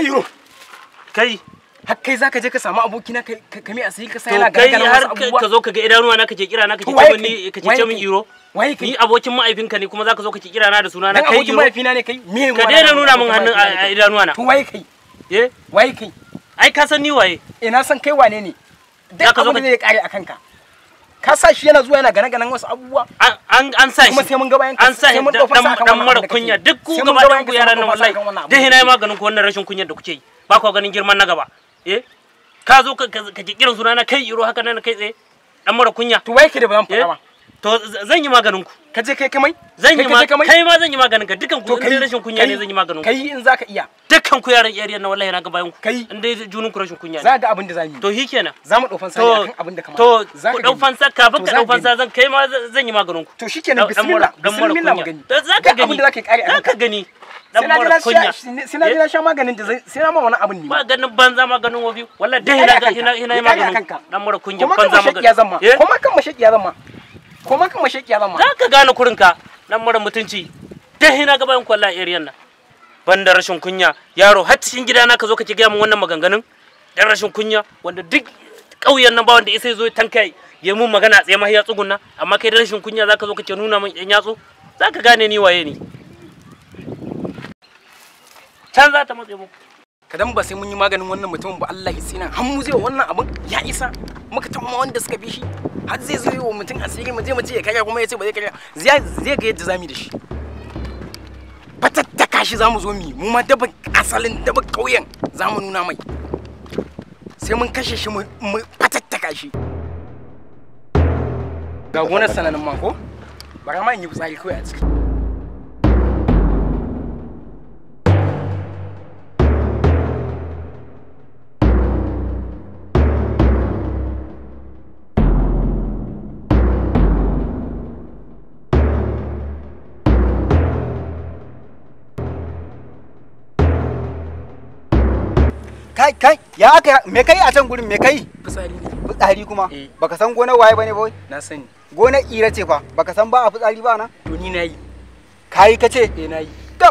kai yuro kai har kai zaka je ka samu abokina ka ka mi asiri ka sai na ga har ka zo ka ga idanuwa na kake kira na kake ce ni kake ce min iro ni abokin ne kuma zaka zo kake kira na da suna na kai abokin ne kai me ka daina nuna min hannun a idanuwa na to waye kai eh kai ai ka san ni waye eh san kai wane ne duk kare akan ka ka sa shi yana zuwa yana gane ganan wasu abubuwa an an sa shi kuma sai mun ga bayan an sa shi dan dan mara kunya duk ku gaba dan ku yaran nan wallahi duk hina ma ganin ku wannan rashin kunyar da kuke yi ba ku ganin girman na gaba eh ka zo ka ka kirin sunana kai iro haka nan kai tsaye dan mara kunya to wai ki da ban fara ba To zan yi maganin ku. Ka je kai kamai? Zan yi maganin kai ma zan yi maganin ka dukan ku in rashin kunya ne zan yi maganin ku. Kai in zaka iya. dukan ku yaran area na wallahi na ga bayan ku. Kai in dai junun ku rashin kunya ne. Za ga abin da zan yi. To kenan Za mu dofan fansa akan abin da kamar. To ku dofan fansa ka baka dofan fansa zan kai ma zan yi maganin ku. To kenan bismillah. Bismillah mu gani. Za ka gani. Abin da zaka kare ka gani. dan sai na jira eh? sha maganin da sai na ma wani abin ne maganin banza maganin wofi wallahi dai ina ina ina maganin dan mura kunya banza maganin eh? kuma kan mashaki ya ma ko man kan mashaƙiya ba ma za ka gane kurinka nan mara mutunci dan hina gaban bayan kwalla area nan ban da rashin kunya yaro har cikin na ka zo kake gaya min wannan maganganun dan rashin kunya wanda duk ƙauyen nan ba wanda isa zo tanka ya mun magana a tsaye ma ya tsugunna amma kai da rashin kunya ka zo kake nuna min yan yatsu ka gane ni waye ne can za ta matse kadan ba sai mun yi maganin wannan mutumin ba Allah ya tsina har mu zai wannan abin ya isa muka tamma wanda suka bi shi har zai zo yi wa mutum asiri mu je mu ce ya karya kuma ya ce ba zai kaga zai ga yadda zamu da shi fatattaka shi zamu zo mu mu ma dabar asalin dabar kauyen zamu nuna mai sai mun kashe shi mu fatattaka shi ga gonar sananin ma ko bara ma in yi tsari kawai a cikin kai kai ya aka me kai a can gurin me kai fitsari fitsari kuma eh. baka san gonar waye bane boy na sani gonar ira ce fa baka san ba a fitsari ba na to ni nayi kai ka ce eh nayi to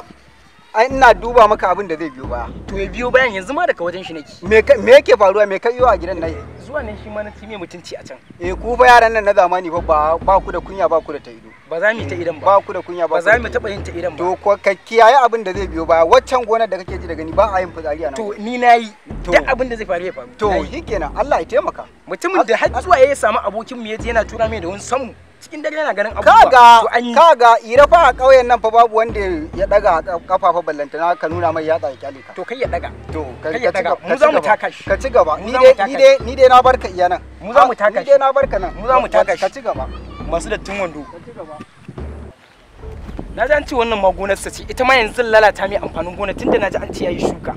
ai ina duba maka abin da zai biyo baya to ya biyo bayan yanzu ma daga wajen shi nake me me yake faruwa me kai yau a gidan nayi zuwa nan shi ma na cime mutunci a can eh ku ba yaran nan na zamani ba ba ku da kunya ba ku da ta ido ba za mu ta idan ba ba ku da kunya ba ba za mu taba yin ta idan ba to ko ka kiyaye abin da zai biyo ba waccan gonar da kake ji da gani ba a yin fitsari a nan to ni nayi duk abin da zai faru ya faru to shikenan Allah ya taimaka mutumin da har zuwa ya samu abokin mu yaje yana tura mai da wani samu cikin dare yana ganin abubuwa kaga kaga ira fa a ƙauyen nan fa babu wanda ya daga kafafa fa ballantana ka nuna mai yatsa ya kyale ka to kai ya daga to kai ya daga mu za mu taka shi ka ci gaba ni dai ni dai ni dai na barka iya nan mu za mu taka shi ni dai na barka nan mu za mu taka shi ka ci gaba masu dattin wando ka ci gaba na ji an ce wannan ma gonarsa ce ita ma yanzu lalata mai amfanin gona tunda na ji an ce yayi shuka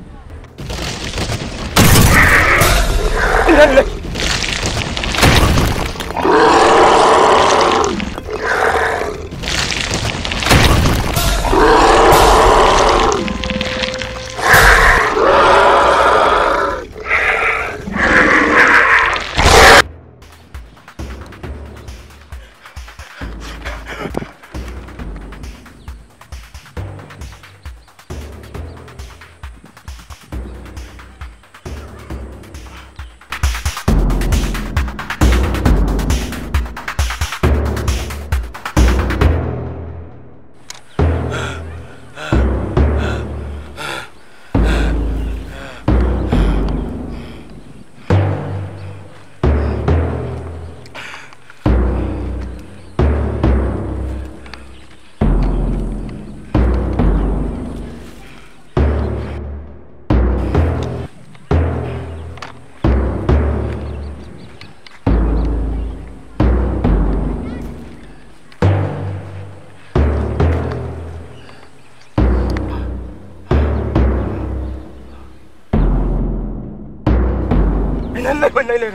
来来来来。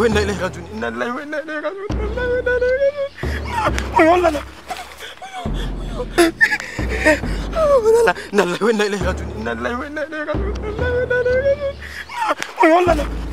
وإنا إليه راجعون إنا لله وإنا إليه راجعون إنا لله وإنا إليه راجعون ويلا لا لا لله وإنا إليه راجعون إنا لله وإنا إليه راجعون إنا لله وإنا إليه راجعون ويلا لا